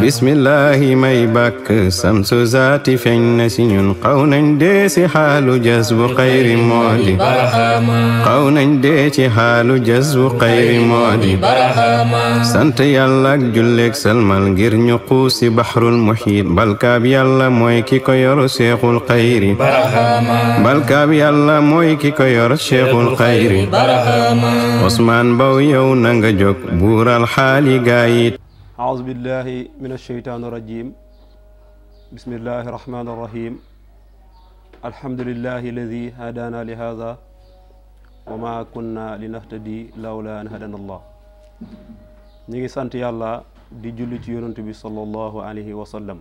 بسم الله ما ميبك سمس زاتي فين سنين قون ديس حال جذب خير مودي برهما قون ديس حال جذب خير مودي برهما سنت يلا جلك سلم الغير نقوس بحر المحيط بل كاب يلا مويك كير شيخ الخير برهما بل كاب يلا مويك كير شيخ الخير برهما عثمان بو بور الحالي غايت أعوذ بالله من الشيطان الرجيم بسم الله الرحمن الرحيم الحمد لله الذي هدانا لهذا وما كنا لنهتدي لولا أن هدانا الله نيغي سانت يالا دي جولي تي يونت صلى الله عليه وسلم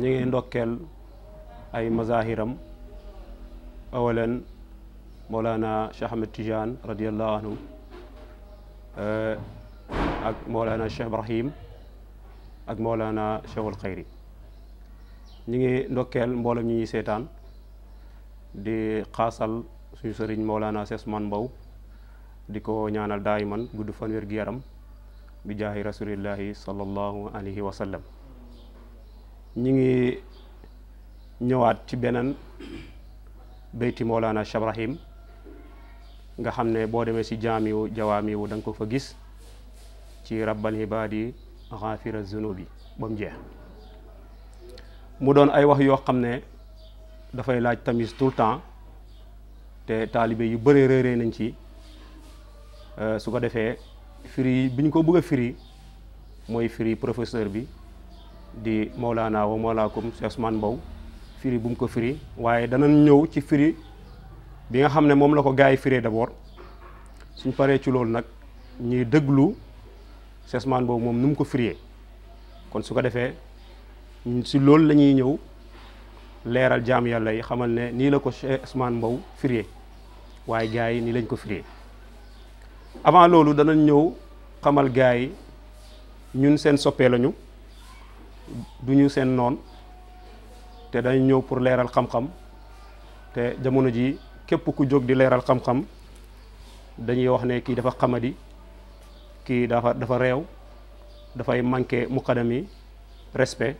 نيغي ندوكل أي مظاهرم أولا مولانا شيخ أحمد تيجان رضي الله عنه آه، ak Mawlana Cheikh Ibrahim ak Mawlana Cheikhul Khayri ñi ngi ndokkeel mboolem ñi di kasal suñu sëriñ Mawlana Cheikh di ko ñaanal daayiman gudd fan wér gi yaram bi jaahi rasulillahi sallallahu Alaihi Wasallam. sallam ñi ngi ñëwaat ci beneen beyti Mawlana Cheikh Ibrahim nga xam ne boo demee si jaamiwu jawaamiwu da ko fa gis ci rabbal ibaadi xaafira zunubi ba mu jeex mu doon ay wax yoo xam ne dafay laaj tamis tout temps te taalibe yu bëree réeree nañ ci su ko defee firi bi ko bëgg a firi mooy firi professeur bi di Mawlaana wa Mawlaakum Cheikh Ousmane Mbow firi bu mu ko firi waaye danañ ñëw ci firi bi nga xam ne moom la ko gars yi firee d'abord suñ paree ci loolu nag ñuy déglu cessement boobu moom nu mu ko firiyee kon su ko defee si loolu la ñuy ñëw leeral jaam yàlla yi xamal ne nii la ko Cheikh Ousmane Mbow firiyee waaye gars yi nii lañ ko frie avant loolu dana ñëw xamal gars yi ñun seen soppee lañu du ñu seen noon te dañ ñëw pour leeral xam-xam te jamono ji képp ku jóg di leeral xam-xam dañuy wax ne kii dafa xamadi kii dafa dafa réew dafay manqué muqaddam yi respect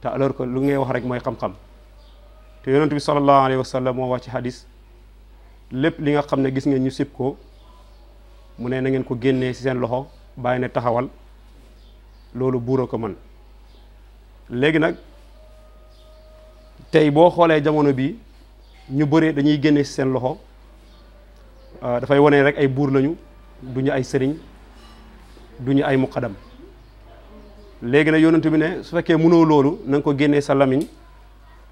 te alors que lu ngay wax rek mooy xam-xam te yonent bi sallallahu alayhi wa sallam moo wax ci hadis lépp li nga xam ne gis ngeen ñu sib ko mu ne na ngeen ko génnee si seen loxo bàyyi ne taxawal loolu buura ko man léegi nag tey boo xoolee jamono bi ñu bëre dañuy génne si seen loxo euh, dafay wane rek ay buur lañu duñu ay sëriñ duñu ay muqadam léegi nag yonent bi ne su fekkee mënoo loolu na ko génnee sa lamiñ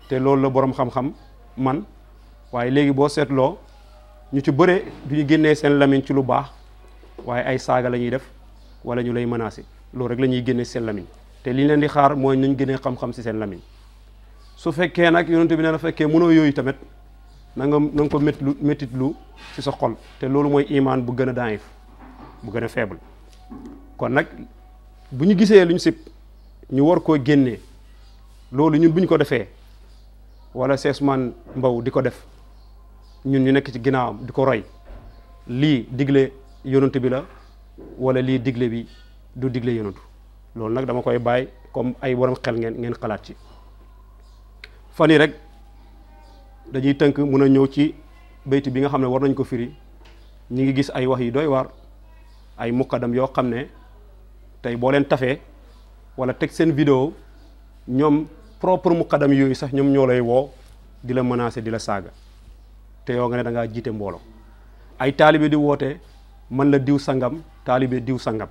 te loolu la boroom xam-xam man waaye léegi boo seetloo ñu ci bëre ñu génnee seen lamiñ ci lu baax waaye ay saaga la ñuy def wala ñu lay menacer loolu rek la ñuy génnee seen lamiñ te li leen di xaar mooy nañ génnee xam-xam si seen lamiñ su fekkee nag yonent bi ne na fekkee mënoo yooyu tamit nanga nga na nga ko métitlu lu ci sa xol te loolu mooy imaan bu gën a daif bu gën a faible kon nag bu ñu gisee lu ñu sib ñu war koo génnee loolu ñun bu ñu ko defee wala sees man Mbow di ko def ñun ñu nekk ci ginnaawam di ko roy lii digle yonent bi la wala lii digle bi du digle yonent loolu nag dama koy bàyyi comme ay borom xel ngeen ngeen xalaat ci fan yi rek dañuy tënk mun a ñëw ci bayti bi nga xam ne war nañ ko firi ñu ngi gis ay wax yi doy waar ay mukadam yoo xam ne tey boo leen tafee wala teg seen vidéo ñoom propre mukaddam yooyu sax ñoom ñoo lay woo di la menacer di la saaga te yoo nga ne dangaa jiite mbooloo ay taalibe di woote man la diw sangam taalibe diw sangam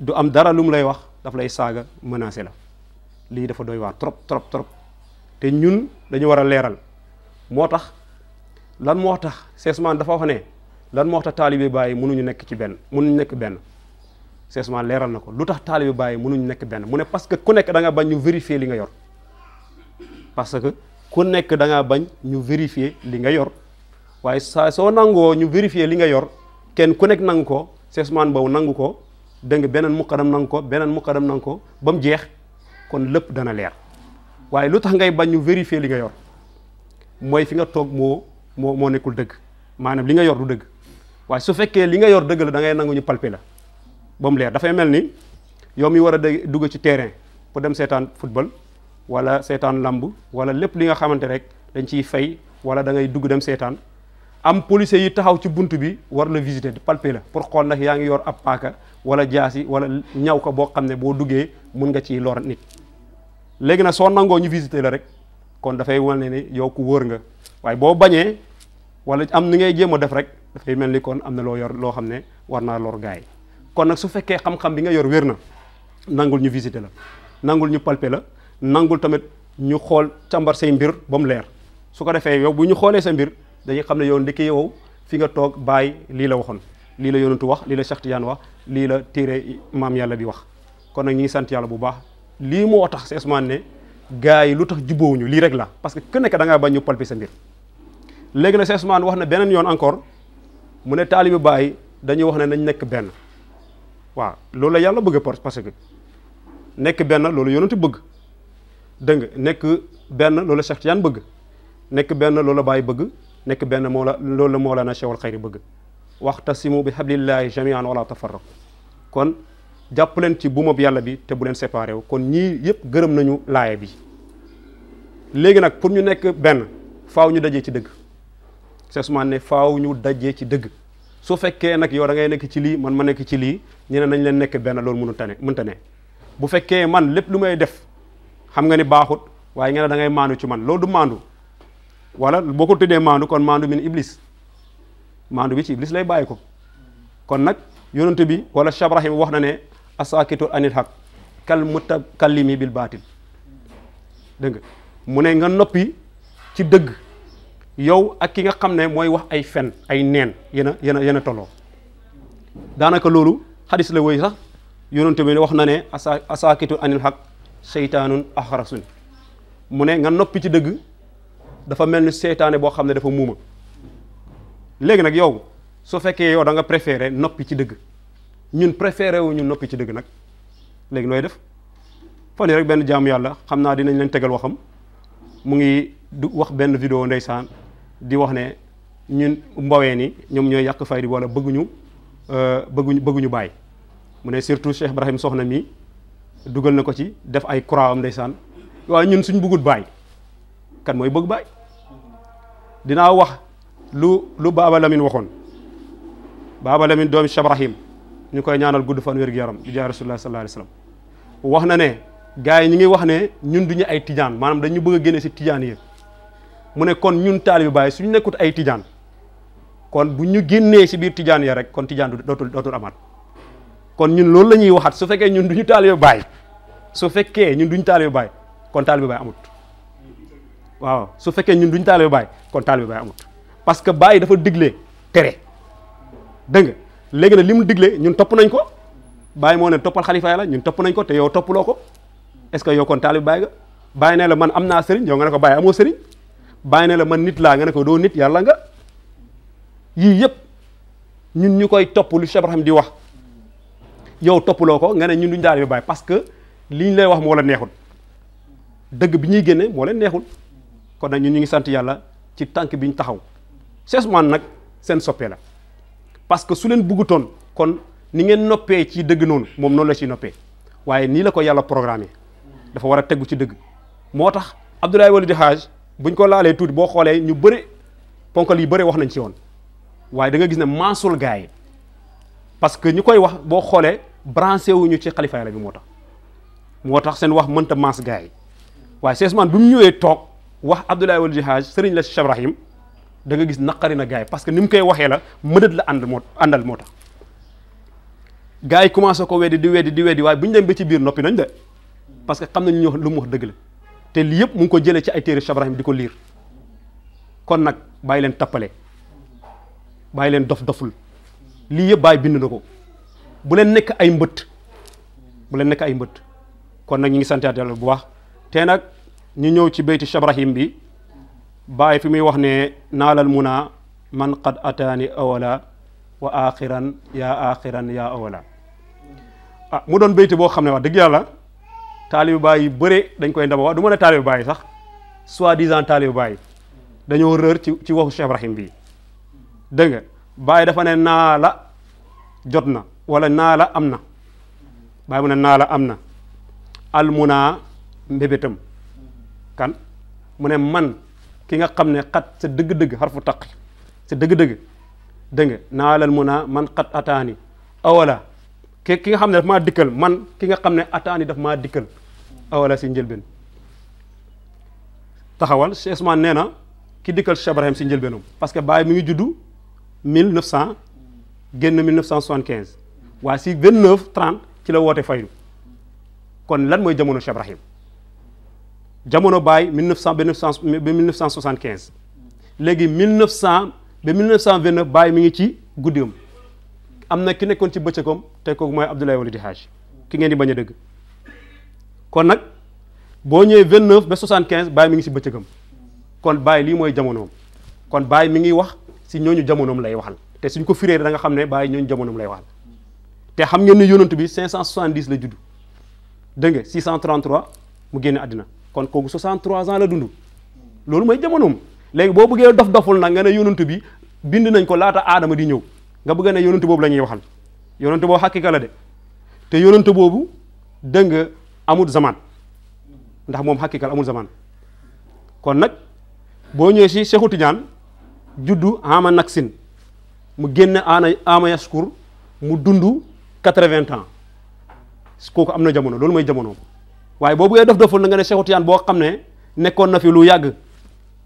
du am dara lu mu lay wax daf lay saaga menacer la lii dafa doy waar trop trop trop te ñun dañu war a leeral moo tax lan moo tax Sesmane dafa wax ne lan moo tax taalibe bàyyi mënuñu nekk ci benn mënuñu nekk benn seesement leeral na ko lu tax taalibe bàyyi mënuñu nekk benn mu ne parce que ku nekk da nga bañ ñu vérifier li nga yor que ku nekk da bañ ñu vérifier li nga yor waaye saa soo nangoo ñu vérifier li nga yor kenn ku nekk nangu ko seesement boobu nangu ko dégg beneen muqadam nangu ko beneen muqadam nangu ko ba mu jeex kon lépp dana leer waaye lu tax ngay bañ ñu vérifier li nga yor mooy fi nga toog moo moo moo nekkul dëgg maanaam li nga yor du dëgg waaye su fekkee li nga yor dëgg la da ngay nangu ñu palper la ba mu leer dafay mel ni yow mi war a dugg ci terrain pour dem seetaan football wala seetaan lamb wala lépp li nga xamante rek dañ ciy fay wala dangay dugg dem seetaan am policier yi taxaw ci bunt bi war la visiter palper la pour xool ndax yaa ngi yor ab paaka wala jaasi wala ñaw ko boo xam ne boo duggee mun nga ciy lor nit léegi nag soo nangoo ñu visiter la rek kon dafay wane ne yow wóor nga waaye boo bañee wala am ni ngay jéem a def rek dafay mel ni kon am na loo yor loo xam ne war naa lor gaay kon nag su fekkee xam-xam bi nga yor wér na nangul ñu visiter la nangul ñu palpe la nangul tamit ñu xool càmbar say mbir ba mu leer su ko defee yow bu ñu xoolee sa mbir dañuy xam ne yow ndekki yow fii nga toog bàyyi lii la waxoon lii la yonentu wax lii la Cheikh Tidiane wax lii la téere maam yàlla bi wax kon nag ñu ngi sant yàlla bu baax lii moo tax si Ousmane ne gars yi lu tax jubóowuñu lii rek la parce que ku nekk da ngaa bañ ñu palper sa mbir léegi nag si Ousmane wax na beneen yoon encore mu ne taalibi bàyyi dañuy wax ne nañ nekk benn waaw loolu la yàlla bëgg a parce que nekk benn loolu yonentu bëgg dégg nga nekk benn loolu Cheikh Tidiane bëgg nekk benn loolu la bàyyi bëgg nekk benn moo la loolu la Mawlana Cheikhul Khayri bëgg waxtasimu bi hablillahi jamian wala tafarraqu kon jàpp leen ci buumab yàlla bi te bu leen séparé wu kon ñii yëpp gërëm nañu laaya bi léegi nag pour ñu nekk benn faaw ñu dajee ci dëgg Cheikh Ousmane ne faaw ñu dajee ci dëgg su fekkee nag yow da ngay nekk ci lii man ma nekk ci lii ñu ne nañ leen nekk benn loolu mënut a ne tane bu fekkee man lépp lu may def xam nga ni baaxut waaye nga ne da ngay maandu ci man loolu du maandu wala boo ko tuddee maandu kon maandu min iblis maandu bi ci iblis lay bàyyi ko kon nag yonent bi wala chabrahim wax na ne asaakitu anil haq kal mutakallimi bil baatil dégg nga mu ne nga noppi ci dëgg yow ak ki nga xam ne mooy wax ay fen ay neen yéen a yéen a tolloo daanaka loolu xadis la woy sax yonente bi wax na ne asa asaakitu anil xaq seytaanun axarasun mu ne nga noppi ci dëgg dafa mel ni seytaane boo xam ne dafa muuma léegi nag yow su fekkee yow danga nga noppi ci dëgg ñun préféré wu ñu noppi ci dëgg nag léegi nooy def fan rek benn jaamu yàlla xam naa dinañ leen tegal waxam mu ngi du wax benn vidéo saan di wax ne ñun mbawee ni ñoom ñooy yàq faydi wala bëgguñu euh, bëgguñu bëgguñu bàyyi mu ne surtout Cheikh Ibrahim soxna mi dugal na ko ci def ay croix am ndeysaan waaye ñun suñ bëggul bàyyi kan mooy bëgg bàyyi dinaa wax lu lu Baaba Lamine waxoon Baaba Lamine doomi Cheikh Ibrahim ñu koy ñaanal gudd fan wér yaram di jaay rasulullah sallallahu alayhi wasallam wax na ne gars yi ñu ngi wax ne ñun duñu ay tijaan maanaam dañu bëgg a génne si tijaan yi mu ne kon ñun taalibe Baay suñu nekkut ay tijaan kon bu ñu génnee si biir tijaan ya rek kon tijaan dootul dootul amaat kon ñun loolu la ñuy waxaat su fekkee ñun duñu taalibe Baay su fekkee ñun duñu taalibe Baay kon taalibe Baay amut waaw su fekkee ñun duñu taalibe Baay kon taalibe Baay amut parce que Baay dafa digle tere dégg nga léegi nag li mu digle ñun topp nañ ko Baay moo ne toppal xalifa la ñun topp nañ ko te yow toppuloo ko est-ce que yow kon taalibe Baay nga Baay ne la man am naa sëriñ yow nga ne ko Baay amoo sëriñ bàyyi ne la man nit laa nga ne ko doo nit yàlla nga yii yëpp ñun ñu koy topp lu Cheikh di wax yow toppaloo ko nga ne ñun duñ daal bi bàyyi parce que liñ lay wax moo la neexul dëgg bi ñuy génne moo leen neexul kon nag ñun ñu ngi sant yàlla ci tànk bi ñu taxaw Cheikh Ousmane nag seen soppee la parce que su leen bëggutoon kon ni ngeen noppee ci dëgg noonu moom noonu la ciy noppee waaye nii la ko yàlla programmé dafa war a tegu ci dëgg moo tax Abdoulaye buñ ko laalee tuuti boo xoolee ñu bëri ponkal yi bëri wax nañ ci woon waaye da nga gis ne maasul gars yi parce que ñu koy wax boo xoolee branché wuñu ci xalifa yàlla bi moo tax moo tax seen wax mënta maas gars yi waaye Cheikh Ousmane bi mu ñëwee toog wax Abdoulaye wal Jihaj sëriñ la Cheikh Ibrahim da nga gis naqari na gars yi parce que ni mu koy waxee la mënat la ànd moo àndal moo tax gars yi commencé ko weddi di weddi di weddi waaye bu ñu dem ba ci biir noppi nañ de parce que xam nañ ñu lu mu wax dëgg la te li yëpp mu ngi ko jëlé ci ay téré Cheikh Ibrahim diko lire kon nak bay leen tapalé bay leen dof-doful li yëpp bay bind nako bu leen nek ay mbeut bu leen nek ay mbeut kon nak ñi ngi santaat yàlla bu baax te nak ñu ñëw ci bayti Cheikh Ibrahim bi bay fi muy wax ne nalal muna man qad atani awala wa akhiran ya akhiran ya awala ah mu doon bayti bo xamné wax deug yàlla taalibu baay yu bëre dañ koy ndama wax du ma ne taalibu sax soi-disant taalibu baay dañoo rër ci ci waxu Cheikh Ibrahim bii dégg nga baay dafa ne naa la jot na wala naa la am na baay mu ne naa la am na almunaa mbébétam kan mu ne man ki nga xam ne xat sa dëgg-dëgg xarfu taq sa dëgg-dëgg dégg nga naa la almunaa man xat ataani awala ki ki nga xam ne daf maa dikkal man ki nga xam ne ataani daf ma dikkal awala si njëlbeen taxawal Cheikh Ousmane nee na ki dikkal Cheikh si njëlbeenam parce que baay mi ngi juddu mille neuf cent génn mille neuf cent soixante-quinze waaye si vingt-neuf trente ci la woote faydu kon lan mooy jamono Cheikh Ibrahim jamono Baye mille neuf cent ba mille neuf cent soixante-quinze léegi mille neuf cent ba mille neuf cent vingt-neuf mi ngi ci guddiam am na ki nekkoon ci bëccëgoom te kooku mooy Abdoulaye Walidi Hadj ki ngeen di bañ a dégg kon nag boo ñëwee vingt neuf ba soixante quinze Baye mi ngi si bëccëgam kon Baye lii mooy jamonoom kon Baye mi ngi wax si ñooñu jamonoom lay waxal te suñ ko firee da nga xam ne Baye ñooñu jamonoom lay waxal te xam ngeen ne yonent bi cinq cent soixante dix la nga six mu génn àddina kon kooku soixante trois la dund loolu mooy jamonoom léegi boo bëggee dof doful nag nga ne yonent bi bind nañ ko laata aadama di ñëw nga bëgg ne yonent boobu la ñuy waxal yonent boobu xàkki ka la de te yonent boobu dégg nga amul zaman ndax moom xaqiqal amul zaman kon nag boo ñëwee si Seexu juddu ama naksin mu génn aana ama yaskur mu dundu quatre-vingts ans kooku am na jamono loolu mooy jamono waaye boo buggee dof doful na nga ne Seexu Tijaan boo xam ne nekkoon na fi lu yàgg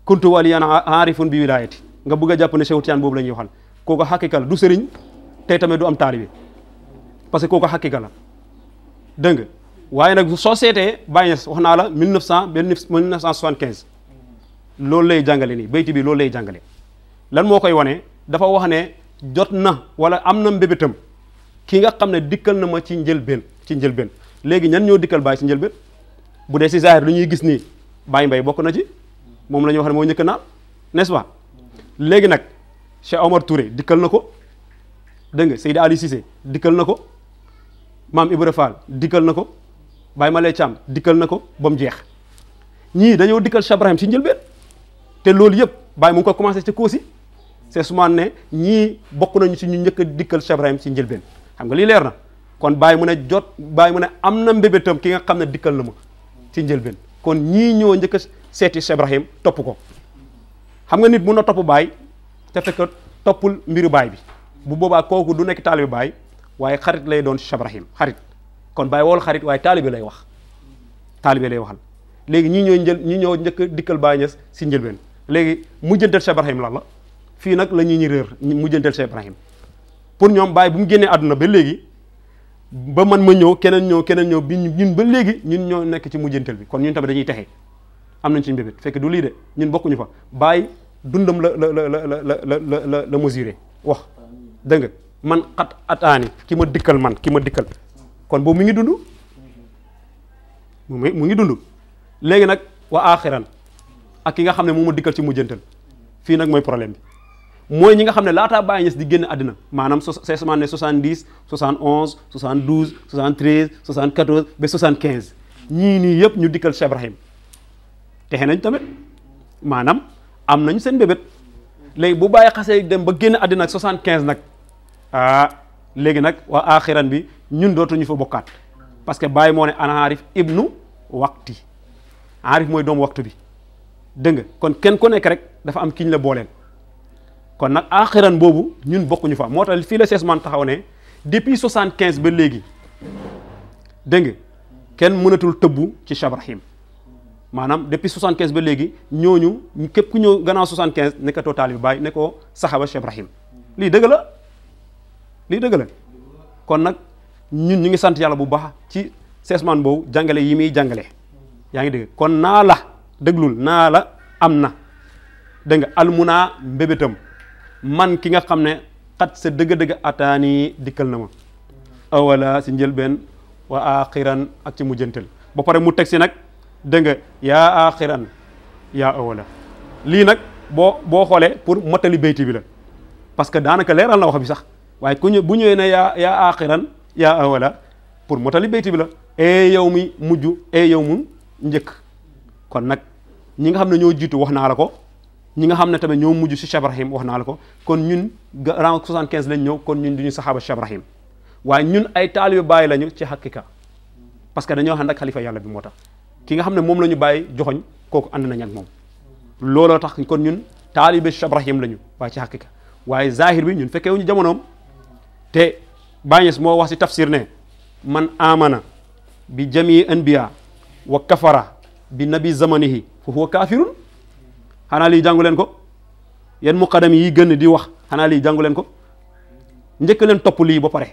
kuntu waliyan aarifun bi wilaayati nga bëgg a jàpp boobu la ñuy waxal kooku xaqiqal du sëriñ tey tamit du am taalibe parce que kooku xaqiqa la dégg nga waaye nag soo seetee Baye Niass wax naa la mille neuf cent ba mille neuf cent soixante-quinze loolu lay jàngale nii bayti bi lool lay jàngale lan moo koy wane dafa wax ne jot na wala am na mbébétam kii nga xam ne dikkal na ma ci njëlbeen ci njëlbeen léegi ñan ñëw dikkal Baye ci njëlbeen bu dee si zahir lu ñuy gis nii Baye Mbaye bokk na ci moom la ñuy wax ne moo njëkk naal n'est-ce léegi nag Cheikh Omar Touré dikkal na ko dégg nga Seydi Ali Cissé dikkal na ko maam Ibra Fall dikkal na ko baay ma lay càmm dikkal na ko ba mu jeex ñii dañoo dikkal Cheikh Ibrahim si njëlbeen te loolu yëpp baay mu ngi ko commencé ci Kossy c'est souvent ne ñii bokk nañu si ñu njëkk dikkal Cheikh Ibrahim si njëlbeen xam nga leer na kon bàyyi mu ne jot bàyyi mu ne am na mbébétam ki nga xam ne dikkal na ma si njëlbeen kon ñii ñoo njëkk a seeti Cheikh topp ko xam nga nit mun na topp baay te fekk toppul mbiru baay bi bu boobaa kooku du nekk taalibi baay waaye xarit lay doon Cheikh xarit kon baay wool xarit waaye taalibe lay wax taalibe lay waxal léegi ñi ñooy njël ñi ñoo njëkk dikkal Baay Ñas si njëlbeen léegi mujjantal Cheikh Ibrahim lan la fii nag la ñuy ñi réer mujjantal Cheikh Ibrahim pour ñoom Baay bu mu génnee àdduna ba léegi ba man ma ñëw keneen ñëw keneen ñëw bi ñun ba léegi ñun ñoo nekk ci mujjantal bi kon ñun tamit dañuy texe am nañ ci mbébét fekk du lii de ñun bokkuñu fa Baay dundam la la la la la la la la wax dégg nga man xat ataani ki ma dikkal man ki ma dikkal kon bo mi ngi dundu mu ngi dundu legi nak wa akhiran ak ki nga xamne ne moo dikkal ci mujjantal fi nak moy problème bi mooy ñi nga xamne ne Baye ñes di génn manam c'est ce ne 70 71 72 73 74 be 75 ñi nii yépp ñu dikkal Cheikh Ibrahim texe nañ tamit manam am nañ seen bébét léegi bu baye xasse dem ba génn àddina 75 nak ah léegi nak wa akhiran bi ñun dootuñu fa bokkaat parce que bàyyi moo ne ana arif ibnu waqti arif mooy doom waxtu bi dégg nga kon kenn ku nekk rek dafa am kiñ la booleel kon nag axiran boobu ñun bokkuñu fa moo tax fii la Seex Man taxaw ne depuis soixante quinze ba léegi dégg nga kenn mënatul tëbbu ci chabrahim maanaam depuis soixante quinze ba léegi ñooñu képp ku ñëw gannaaw soixante quinze nekkatoo taalib Baay ne ko saxaba chabrahim lii dëgg la lii dëgg la kon nag ñun ñu ngi sant yàlla bu baax ci seesmaan boobu jàngale yi muy jàngale yaa ngi dégg kon naa la déglul naa la am na dégg nga almunaa mbébétam man ki nga xam ne xat sa dëgg-dëgg ataani dikkal na ma awala si njëlbeen wa axiran ak ci mujjantal ba pare mu teg si nag dégg nga yaa axiran yaa awala lii nag boo boo xoolee pour motali bayti bi la parce que daanaka leeral na wax bi sax waaye ku ñu bu ñëwee ne yaa yaa axiran yaa awala pour motali bayti bi la eh yow mi mujj e yow mu njëkk kon nag ñi nga xam ne ñoo jiitu wax naa la ko ñi nga xam ne tamit ñoo mujj si Cheikh Ibrahim wax naa la ko kon ñun rang 75 lañ ñëw kon ñun du ñu saxaaba Cheikh Ibrahim waaye ñun ay taalibe bàyyi lañu ci xaqiqa parce que dañoo ànd ak kalifa yàlla bi moo tax ki nga xam ne moom la ñu bàyyi joxoñ kooku ànd nañ ak moom looloo tax kon ñun taalibe Cheikh Ibrahim lañu waaye ci xaqiqa waaye zahir bi ñun fekkee wuñu te bàñes moo wax si tafsir ne man amana bi jamii anbiya wa kafara bi nabi zamanihi fa huwa kaafirun xanaa lii jàngu leen ko yéen muqadam yi gën di wax xanaa lii jàngu leen ko njëkk leen topp lii ba pare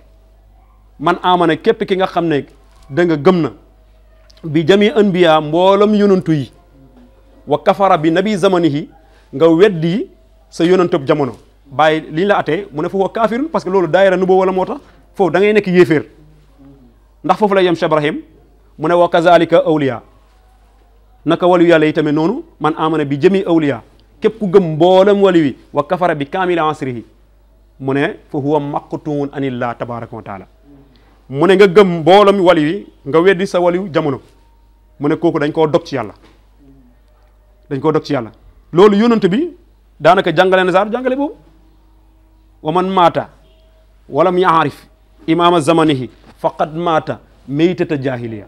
man amana képp ki nga xam ne da nga gëm na bi jamii anbiya mboolam yonantu yi wa kafara bi nabi zamanihi nga weddi sa yonantub jamono bàyyi li ñu la atee mu ne fa huwa kaafirun parce que loolu daayira nubo wala moo tax foofu da ngay nekk yéeféer ndax foofu la yem Cheikh Ibrahim mu ne wa kazalika awliya naka waliyu yàlla yi tamit noonu man amana bi jëmi awliya képp ku gëm mboolem wali wi wa kafara bi kaamila ansrihi mu ne fa huwa maqtuun anillah tabaraka wa taala mu ne nga gëm mboolem wali wi nga weddi sa waliyu jamono mu ne kooku dañ koo dog yàlla dañ koo dog ci yàlla loolu yonent bi daanaka jàngale na saar jàngale wa man maata walam yaarif imaama zamanihi faqad maata maytata jahiliya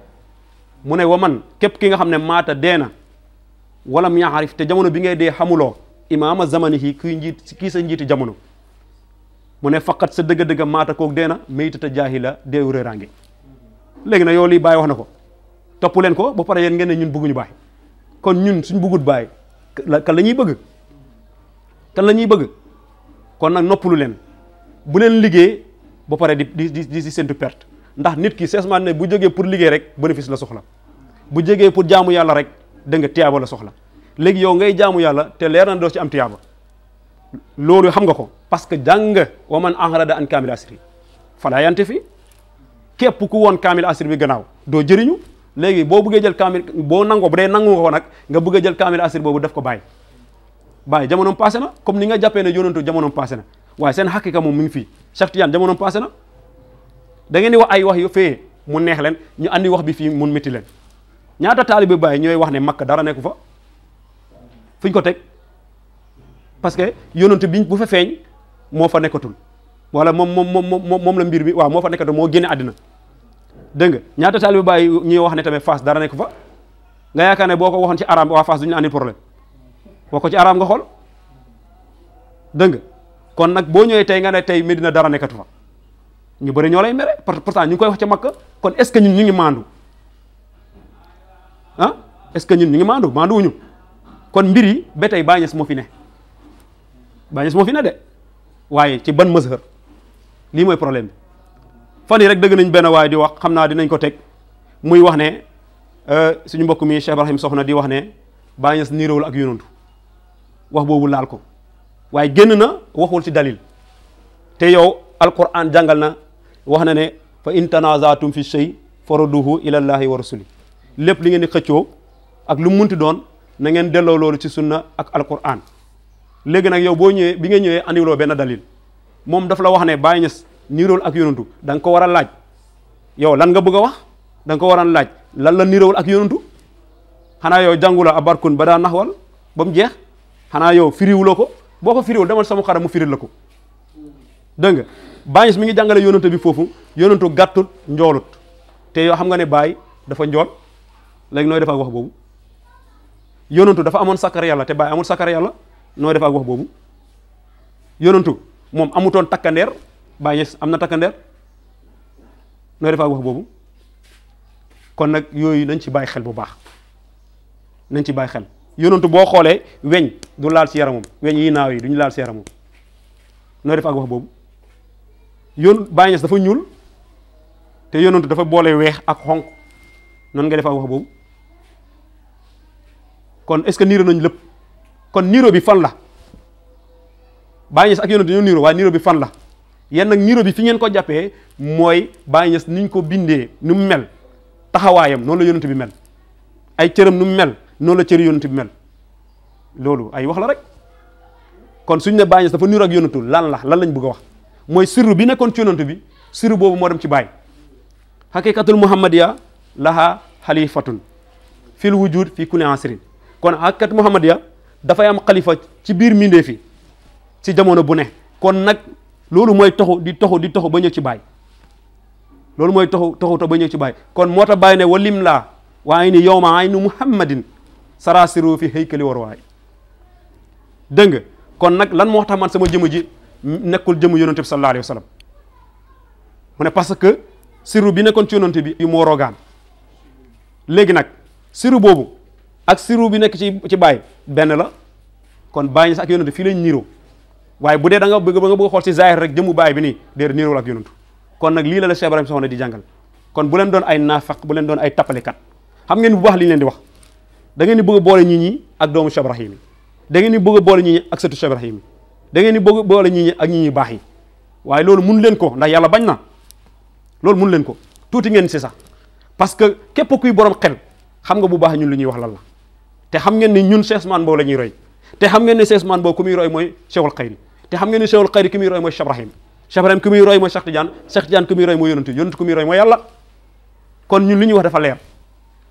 mu ne wa man képp ki nga xam ne maata dee na walam yaarif te jamono bi ngay dee xamuloo imaama zamanihi kuy njiit kii sa njiiti jamono mu ne faqat sa dëgg-dëgg maata koog dee na maytata jaahila deewu réeraange léegi na yow lii bàyyi wax na ko topp leen ko ba pare yéen ngeen ne ñun bëgguñu bàyyi kon ñun su bëggut bàyyi kan la ñuy bëgg la ñuy bëgg kon nag noppalu leen bu leen liggéey ba pare di di di si séntu perte ndax nit ki seesmaan ne bu jógee pour liggéey rek bénéfice la soxla bu jegee pour jaamu yàlla rek da nga tiyaaba la soxla léegi yow ngay jaamu yàlla te leer doo ci am tiyaaba loolu xam nga ko parce que jàng nga wa man enrada an kaamil asri falaa yante fi képp ku woon kaamil asri bi gannaaw doo jëriñu léegi boo buggee jël kaamil boo nangoo bu dee nangu nag nga bëgg jël kaamil asri boobu def ko bàyyi bàyyi jamonoom passé na comme ni nga jàppee ne yonantu jamonoom passé na waaye seen xaqiqa moom mun ngi fii Cheikh Tidiane jamono passé na da ngeen wax ay wax yu fee mu neex leen ñu andi wax bi fii mun métti leen ñaata taalibe Baay ñooy wax ne makka dara nekku fa fu ko teg parce que yonent bi bu fa feeñ moo fa nekkatul wala moom moom moom moom la mbir mi waaw moo fa nekkatul moo génne àddina dégg nga ñaata taalibe Baay ñuy wax ne tamit Fass dara nekku fa nga yaakaar ne boo ko waxoon ci araam waa Fass du ñu andi problème wax ko ci araam nga xol dégg kon nag boo ñëwee tey nga ne tey Medina dara nekkatu fa ñu bëri ñoo lay pourtant ñu koy wax makka kon est ce que ñun ñu ngi maandu ah est ce que ñun ñu ngi wuñu kon biri yi ba mo bàññes moo fi ne bàññes fi de waye ci ban mazhar lii problem. problème bi fan yi rek dëgg nañ di wax xam naa dinañ ko teg muy wax ne euh, suñu mbokk mi Cheikh Ibrahim soxna di wax ak wax ko waaye génn na waxul ci dalil te yow alquran jàngal na wax na ne fa in tanazatum fi shay faradduhu ilallahi wa rasuli lépp li ngeen di xëccoo ak lu munti doon na ngeen delloo loolu ci sunna ak alquran léegi nag yow boo ñëwee bi nga ñëwee andiwuloo benn dalil moom daf la wax ne bàyyi ñes niirool ak yonantu da nga ko war a laaj yow lan nga bëgg a wax danga ko war a laaj lan la niirool ak yonantu xanaa yow jàngula abarkun ba daa naxwal ba mu jeex xanaa yow firiwuloo ko boko firiwul demal sama xaram mu firil lako deug nga bañis mi ngi jangale yonantu bi fofu yonentu gàttut njoolut te yo xam nga ne bay dafa njool leg noy def wax bobu yonentu dafa amoon sakar yalla te bay amul sakar yalla noy def wax bobu yonentu mom amuton takander bañis amna takander noy nooy wax bobu kon nag nañ ci bay xel bu baax nañ ci bay xel yonantu boo xoolee weñ du laal ci yaramam weñ yi naaw yi duñu laal ci yaramam def ak boobu yoon Baay Ñas ñuul te yonantu dafa boole weex ak xonq noonu nga def boobu kon est-ce que niiro nañ lépp kon niiro bi fan la Baay Ñas ak yonantu ñoo niiro waaye bi fan la yéen nag niiro bi fi ngeen ko jàppee mooy Baay Ñas ko bindee nu mu mel taxawaayam noonu la yonantu bi mel ay cëram nu mu mel noonu la cëri yonent bi mel loolu ay wax la rek kon suñ ne Baay Ñas dafa niru lan la lan lañ bëgg wax mooy sirru bi nekkoon ci yonent bi sirru boobu moo dem ci Baay xaqiqatul muhammadiya laha xalifatun fil wujud fi kulli asrin kon xaqiqat muhammadiya dafay am xalifa ci biir mindee fi ci jamono bu ne kon nag loolu mooy taxu di toxu di toxu ba ñëw ci Baay loolu mooy taxu taxu ba ñëw ci Baay kon moo tax Baay ne walim laa waaye ni yow ma muhammadin sarasiru fi haykali warwaay dégg nga kon nag lan moo tax man sama jëmm ji nekkul jëmm yonent bi sallallahu mu ne parce que siru bi nekkoon ci bi yu moo rogaan léegi nag siru boobu ak siru bi nekk ci baay bàyyi benn la kon bàyyi sa ak yonent fii lañ niiroo waaye bu dee da nga bëgg ba nga bëgg xool si zaahir rek jëmmu bàyyi bi nii déedéet niiroo ak yonent kon nag lii la la Cheikh Ibrahima Soxna di jàngal kon bu leen doon ay naafaq bu leen doon ay tappalekat xam ngeen bu baax li leen di wax da ngeen di bëgg boole ñi ñi ak doomu Cheikh Ibrahim yi da ngeen di bëgg boole ñi ñi ak sëtu Cheikh Ibrahim yi da ngeen di bëgg boole ñi ñi ak ñi ñi baax yi waaye loolu mun leen ko ndax yàlla bañ na loolu mun leen ko tuuti ngeen si sax parce que képp kuy borom xel xam nga bu baax ñun lu ñuy wax lan la te xam ngeen ni ñun Cheikh Ousmane boobu la ñuy roy te xam ngeen ni Cheikh Ousmane boobu ku muy roy mooy Cheikhul Khayri te xam ngeen ni Cheikhul Khayri ku muy roy mooy Cheikh Ibrahim Cheikh ku muy roy mooy Cheikh Tidiane Cheikh Tidiane ku muy roy mooy yonantu yonantu ku muy roy mooy yàlla kon ñun li ñuy wax dafa leer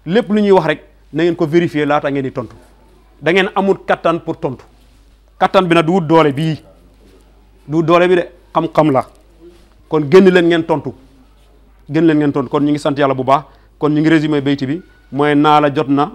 lépp lu ñuy wax rek na ngeen ko vérifier laata ngeen di tontu dangeen ngeen amul kattan pour tontu kattan bi nag du wut doole bii du wut doole bi de xam-xam la kon génn leen ngeen tontu génn leen ngeen tontu kon ñu ngi sant yàlla bu baax kon ñu ngi résumé bayti bi mooy naa la jot na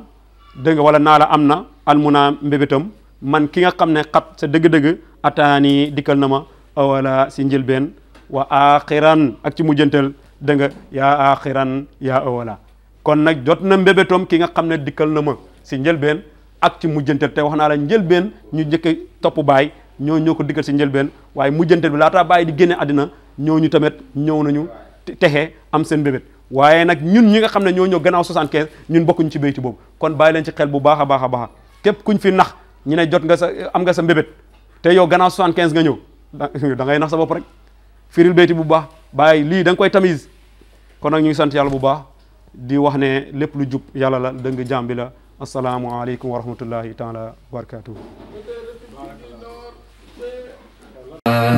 dégg nga wala naa la am na almunaa mbébétam man ki nga xam ne xat sa dëgg-dëgg ataani dikkal na ma awala si njëlbeen wa axiran ak ci mujjantal dégg nga yaa axiran yaa awala kon nag jot na mbébétoom ki nga xam ne dikkal na ma si njëlbeen ak ci mujjantel te wax naa la njëlbeen ñu njëkk topp baay ñoo ñoo ko dikkal si njëlbeen waaye mujjantel bi laataa baay di génne àddina ñooñu tamit ñëw nañu texe am seen mbébét waaye nag ñun ñi nga xam ne ñoo ñëw gannaaw 75 ñun bokkuñ ci béyti boobu kon bàyyi leen ci xel bu baax a baax a baax képp kuñ fi nax ñu ne jot nga sa am nga sa mbébét te yow gannaaw 75 nga ñëw da ngay nax sa bopp rek firil béyti bu baax bàyyi lii danga koy tamise kon nag ñu ngi sant yàlla bu baax di wax ne lépp lu jub yàlla la dëng jàmbi la asalaamualeykum wa rahmatullahi taala wa barakatuhu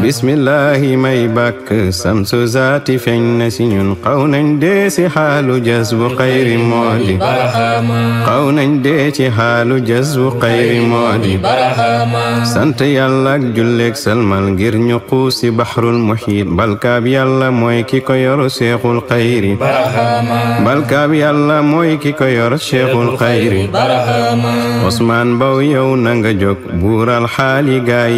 بسم الله ما ميبك سمس ذات فين سين قون ديس حال جذب خير مودي برهما قون ديس حال جذب خير مودي برهما سنت يلا جلك سلمان غير نقوس بحر المحيط بل كاب يلا مويكي كيور شيخ الخير برهما بل كاب يلا مويكي كيور شيخ الخير برهما عثمان بو يو بور الحالي غاي